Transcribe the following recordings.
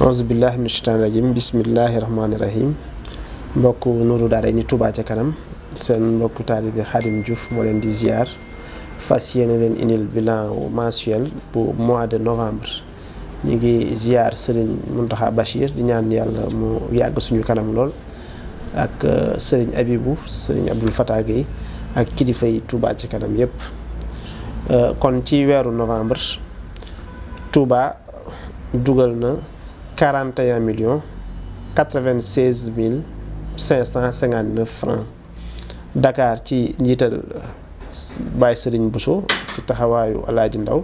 aousubillah min shaitan rajim bismillahi rahmaani rahim mbokk nuru daara ni Touba ca kanam seen mbokku bi Khadim Diouf moo leen di ziar fas yéene leen indil bilan mensuel bu mois de novembre ñu ngi ziar sëriñ Mountakha Bachir di ñaan yàlla mu yàgg suñu kanam lool ak uh, sëriñ Abibou sëriñ Abdoul Fatah Gueye ak kilifay yi Touba ci kanam yépp uh, kon ci weeru novembre Touba dugal na 41 millions 96 mille 559 francs Dakar ci njiital Baye Serigne Bousso ci taxawaayu Alaaji Ndaw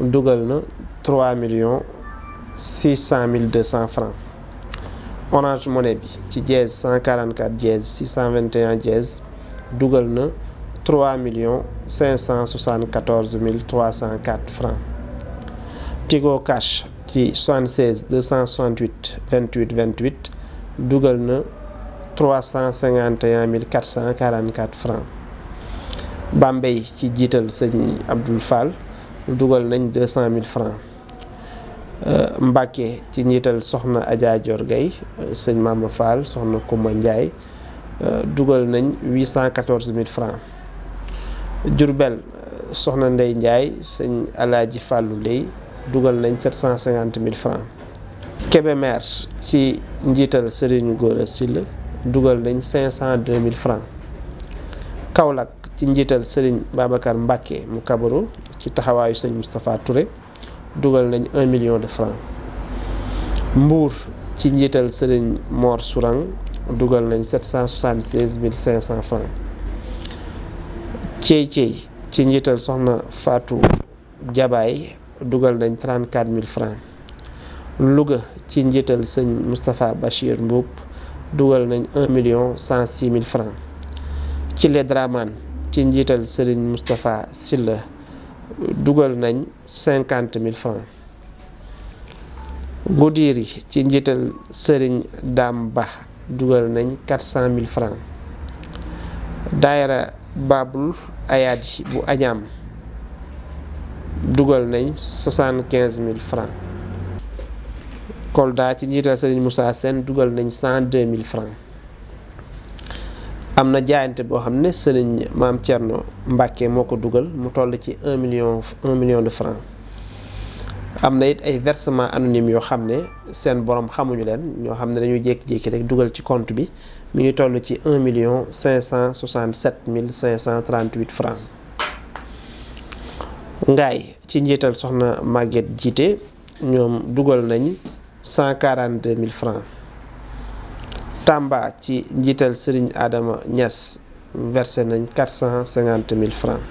dugal na million millions 600 mille cent francs Orange Money bi ci dièse 144 vingt 621 dièse dugal na 3 millions 574 mille 304 francs Tigo Cash ci 76 268 28 28 dugal na 351 444 francs Bambey ci jiital sëñ Abdoul Fall dugal nañ 200 000 francs euh, Mbacke ci njiital soxna Adja Dior Gueye euh, sëñ Mama Fall soxna Koumba Ndiaye euh, dugal nañ 814 000 francs Diourbel soxna Ndey Ndiaye sëñ Alaaji Fàllu Ley dugal nañ sept cent cinquante mille francs Kébémer ci njiital Serigne Gora Sylla dugal nañ cinq cent deux mille francs Kaolack ci njiital Serigne Babacar Mbacke mu kabaru ci taxawaayu sëñ Moustapha Touré dugal nañ million de francs Mbour ci njiital Serigne Mor Sourang dugal nañ sept cent soixante seize mille cinq cent francs Thiey Thiey ci njiital soxna faatu Jabaay dugal nañ 34 000 francs Louga ci njiital sëñ Moustapha Bachir Mbuub dugal nañ 1 million 106 000 francs ci les Dramane ci njiital sëriñ Moustapha Silla dugal nañ 50 000 francs Goudiri ci njiital sëriñ Dame Ba dugal nañ 400 000 francs daayira Babul Ayadi bu Añaam dugal nañ soixante quinze mille francs Kolda ci njiital Serigne Moussa Sène dugal nañ cent deux mille francs am na jaayante boo xam ne Serigne Maam Thierno Mbacke moo ko dugal mu toll ci un million un million de francs am na it ay versement anonyme yoo xam ne seen borom xamuñu leen ñoo xam ne dañuy jékki-jékki rek dugal ci compte bi mu ngi toll ci un million cinq cent soixante sept mille cinq cent trente huit francs ngaay ci njiital soxna Maguette jiite ñoom dugal nañ cent quarante mille francs Tamba ci njiital Serigne aadama Niass versé nañ quatre cent cinquante mille francs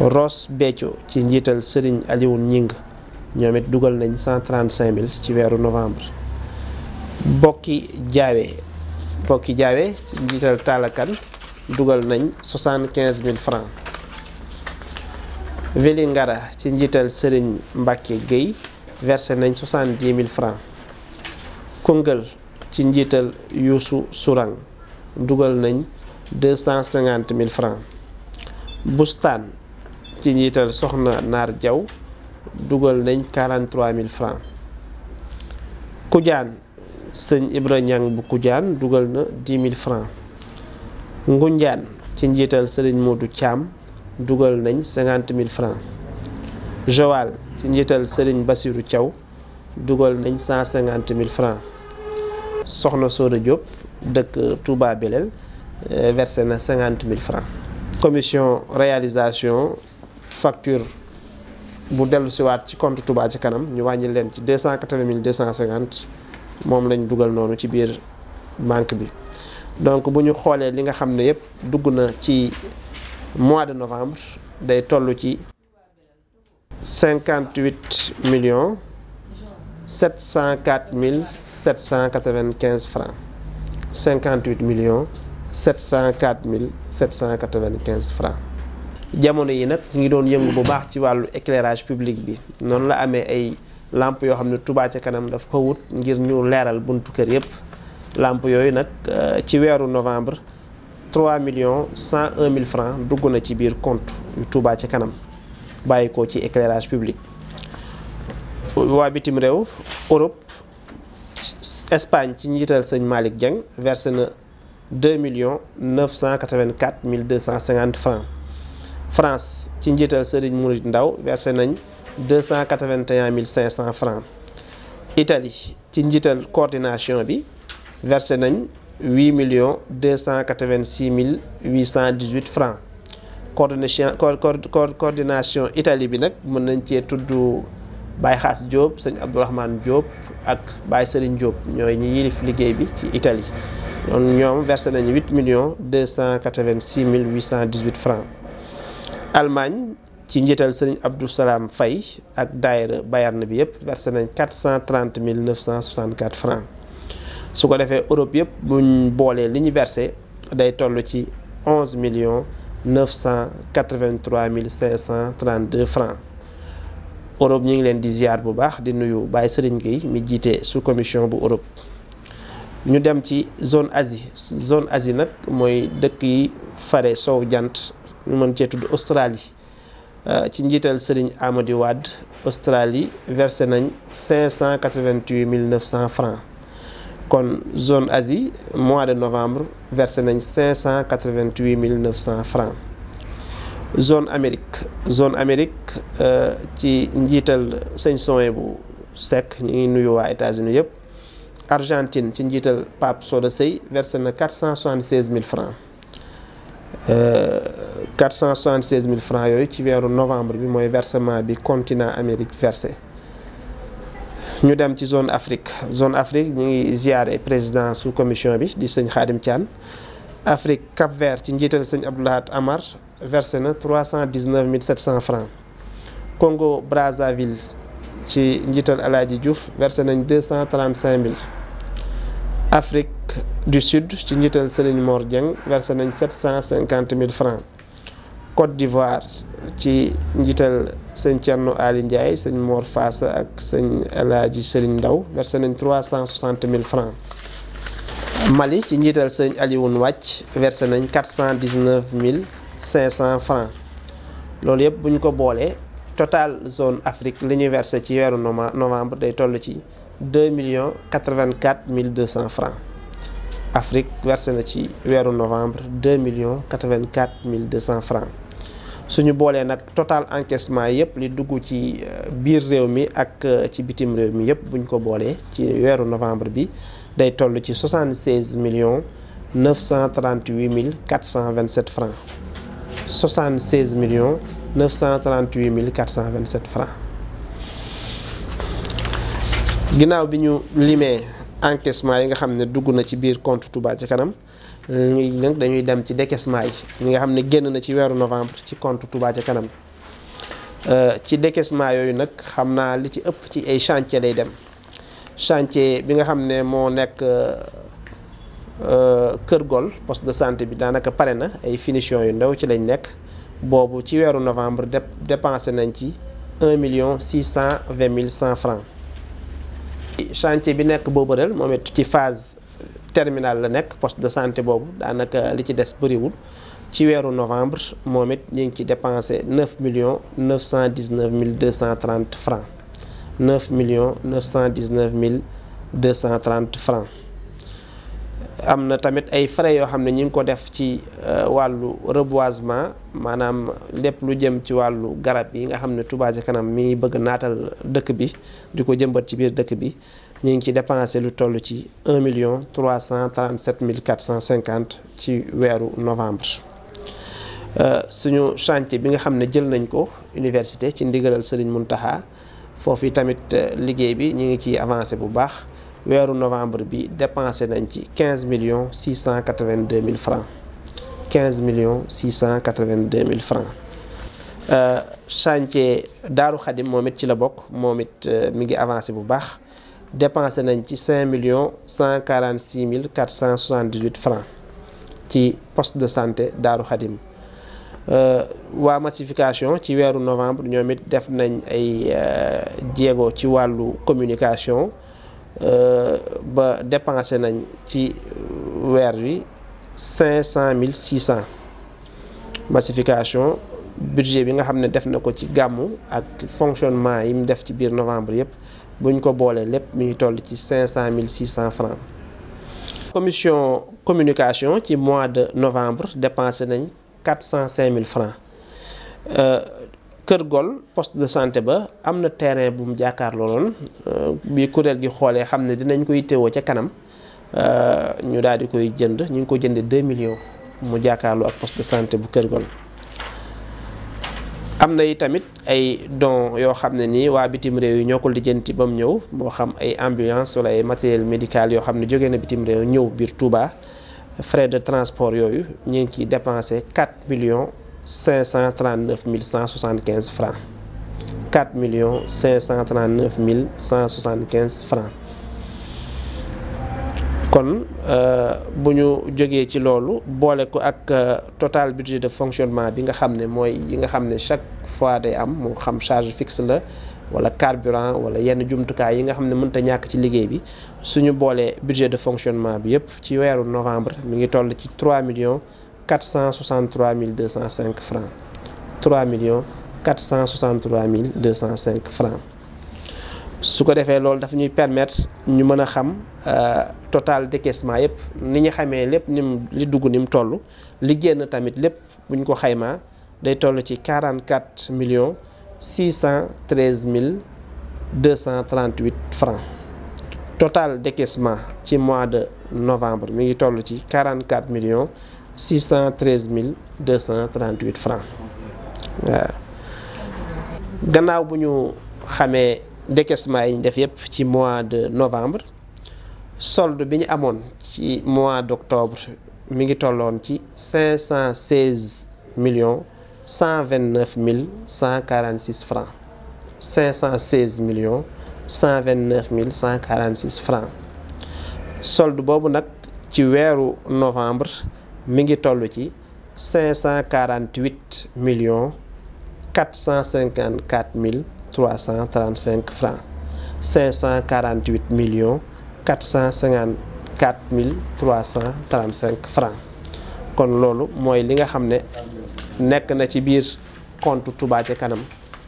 Ross Béthio ci njiital Serigne Alioune Ñing ñoom it dugal nañ cent trente cinq mille ci weeru novembre Bokki Jaawe Bokki Jaawe ci njiital Taalakan dugal nañ soixante quinze mille francs Vélin Ngara ci njiital Serigne Mbacke Guèye versé nañ soixante-dix mille francs Koungheul ci njiital Youssou Sourang dugal nañ deux cent cinquante mille francs Boustane ci njiital Soxna Naar Diaw dugal nañ quarante-trois mille francs Kujaan sëñ Ibra Ñang bu Kujaan dugal na dix mille francs ci njiital Serigne Modou Thiam dugal nañ cinquante mille francs Joal ci njiital Serigne Bassirou Thiaw dugal nañ cent cinquante mille francs Soxna Soda Diop dëkk Touba Belel eh, versé na cinquante mille francs commission réalisation facture bu dellu siwaat ci compte Touba ci kanam ñu wàññi leen ci deux cent quatre-vingt mille cent cinquante moom lañ dugal noonu ci biir banque bi donc bu ñu xoolee li nga xam ne yëpp dugg na ci mois de novembre day toll ci cinquante huit millions sept mille sept cent quatre vingt quinze francs cinquante huit millions cent quatre mille sept cent quatre vingt jamono yi nag ñu ngi doon yëngu bu baax ci wàllu éclairage public bi noonu la amee ay làmp yoo xam ne Touba ca kanam daf ko wut ngir ñu leeral buntu kër yépp làmp yooyu nag euh, ci weeru novembre 3 millions 101 mille francs dugg na ci biir compte yu Touba ci kanam bàyyi ko ci éclairage public waa bitim réew Europe Espagne ci njiital sëñ Malick Dieng versé na 2 millions 984 mille 250 francs France ci njiital Serigne Mourid Ndaw versé nañ 281 mille 500 francs Italie ci njiital coordination bi versé nañ huit millions deux cent quatre-vingt-six mille huit cent dix-huit francs coordination coordination Italie bi nag mën nañ cee tudd Baye xas Diop sëñ Abdourahmane Diop ak Baye Serigne Diop ñooy ñi yilif liggéey bi ci Italie ñoom verse nañ nañu huit millions deux cent quatre mille huit cent dix-huit francs Allemagne ci njiital Serigne Abdou Salam Faye ak daayira Bayern bi yëpp versé nañ quatre cent trente mille neuf cent soixante-quatre francs su ko defee Europe yëpp buñ boolee li ñu versé day toll ci onze millions neuf cent quatre-vingt-trois mille cinq cent Europe ñu ngi leen di ziar bu baax di nuyu baay Serigne Gueye mi jiite sous commission bu Europe. ñu dem ci zone Asie zone Asie nag mooy dëkk yi fare sow jant ñu mën cee tudd Australie euh, ci njiital Serigne Amady Wade Australie verse nañ cinq cent mille neuf cent kon zone Asie mois de novembre versé nañ 588 mille 900 francs zone Amérique zone Amérique euh, ci njiital sëñ soe bu Seck ñu ngi nuyu waa États-Unis yëpp Argentine ci njiital Pape de Sey versé na 476 mille francs 476 euh, mille francs yooyu ci weeru novembre bi mooy versement bi continent Amérique versé ñu dem ci zone Afrique zone Afrique ñu ngi ziare président sous commission bi di sëñ Khadim Thian Afrique Cap Vert ci njiital sëñ Abdoulahat Amar versé na 319 700 francs Congo Brazzaville ci njiital Alaaji Diouf versé nañ 235 000 Afrique du Sud ci njiital Serigne Mor Dieng verse nañ 750 000 francs Côte d'Ivoire ci njiital sëñ Thierno Ali Ndiaye sëñ Mor Faasa ak sëñ El Hadji Serigne Ndaw versé nañ trois cent soixante mille francs Mali ci njiital sëñ Alioune Wàcc versé nañ quatre cent dix neuf mille cinq cent francs loolu yëpp bu ko boolee total zone Afrique li ñuy versé ci weeru novembre day toll ci deux millions quatre vingt quatre mille deux cent francs Afrique versé na ci weeru novembre deux millions quatre vingt mille deux cent francs suñu boolee nag total encaissement yëpp li dugg ci euh, biir réew mi ak euh, ci bitim réew mi yëpp buñ ko boolee ci weeru novembre bi day toll ci 76 millions 938 mille 427 francs 76 millions 938 mille 427 francs ginnaaw bi ñu limee encaissement yi nga xam ne dugg na ci biir compte Touba ci kanam ñuy nag dañuy dem ci décaissement yi ñi nga xam ne génn na ci weeru novembre ci compte Touba ca kanam euh, ci décaissement yooyu nag xam naa li ci ëpp ci ay chantier lay dem chantier bi nga xam ne moo nekk euh, Kër Gol poste de santé bi daanaka pare na ay finition yu ndaw ci lañ nekk boobu ci weeru novembre dép dépensé nañ ci un million six cent vingt mille cent francs chantier bi nekk Boberel moom ci phase terminal la nekk poste de santé boobu daanaka li ci des bëriwul ci weeru novembre moom it ñu ngi ci dépensé 9 millions 919 mille 230 francs 9 millions 919 mille 230 francs am na tamit ay frais yoo xam ne ñu ngi ko def ci euh, wàllu reboisement maanaam lépp lu jëm ci wàllu garab yi nga xam ne Touba ca kanam mi bëgg naatal dëkk bi di ko jëmbat ci biir dëkk bi ñu ngi ci dépensé lu toll ci un million trois cent trente sept mille quatre cent cinquante ci weeru novembre. Euh, suñu chantier bi nga xam ne jël nañ ko université ci ndigalal Serigne taxa foofu tamit euh, liggéey bi ñu ngi ci avancé bu baax weeru novembre bi dépensé nañ ci quinze millions six cent quatre vingt deux mille francs quinze millions six cent quatre vingt deux mille francs. Euh, chantier Daaru Xadim moom it ci la bokk moom it mi ngi avancé bu baax. dépensé nañ ci cinq millions cent quarante six mille quatre cent soixante dix huit francs ci poste de santé Daaru Xadim euh, waa massification ci weeru novembre ñoom it def nañ ay euh, jéego ci wàllu communication euh, ba dépensé nañ ci weer wi cinq cent mille six cent massification budget bi nga xam ne def na ko ci gàmmu ak fonctionnement yi mu def ci biir novembre yëpp bu ñu ko boolee lépp mi ngi toll ci cinq cent mille six cent francs commission communication ci mois de novembre dépensé nañ quatre cent cinq mille francs euh, Kër Gol poste de santé ba am na terrain bu mu jàkkaarloo loon euh, bi kuréel gi xoolee xam ne dinañ koy teewoo ca kanam euh, ñu daal di koy jënd ñu ngi ko jëndee deux millions mu jàkkaarloo ak poste de santé bu Kër Gol. am na yi tamit ay don yoo xam ne nii waa bitim réew yu ñokkul ko lijjanti ba mu ñëw moo xam ay ambulance wala ay matériel médicale yoo xam ne jógee na bitim réew ñëw biir Touba frais de transport yooyu ñu ngi ciy dépensé 4 millions 539 mille 175 francs 4 millions 539 mille 175 francs kon euh, bu ñu jógee ci loolu boole ko ak euh, total budget de fonctionnement bi nga xam ne mooy yi nga xam ne chaque fois day am moo xam charge fix la wala carburant wala yenn jumtukaay yi nga xam ne mënta ñàkk ci liggéey bi suñu boolee budget de fonctionnement bi yépp ci weeru novembre mi ngi toll ci 3 millions 463 mille 205 francs 3 millions 463 mille 205 francs su ko defee loolu dafa ñuy permettre ñu mën a xam euh, total décaissement yëpp ni ñu xamee lépp ni mu li dugg ni mu toll li génn tamit lépp bu ñu ko xaymaa day toll ci 44 millions 613 mille 238 francs total décaissement ci mois de novembre mi ngi toll ci 44 millions 613 mille 238 francs waaw gannaaw bu ñu xamee décaissement yi ñu def yépp ci mois de novembre sold bi ñu amoon ci mois d'octobre mi ngi tolloon ci cinq cent seize millions cent vingt-neuf mille cent quarante-six francs cinq cent seize millions cent vingt-neuf mille cent quarante-six francs solde boobu nag ci weeru novembre mi ngi toll ci cinq cent quarante-huit million quatre cent cinquante-quatre mille trois cent trente cinq cinq cent quarante huit millions cent cinquante quatre mille trois cent trente cinq francs kon loolu mooy li nga xam ne nekk na ci biir compte Touba ci kanam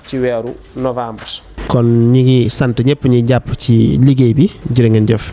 ci weeru novembre. kon ñi ngi sant ñëpp ñuy jàpp ci liggéey bi jërë ngeen jëf.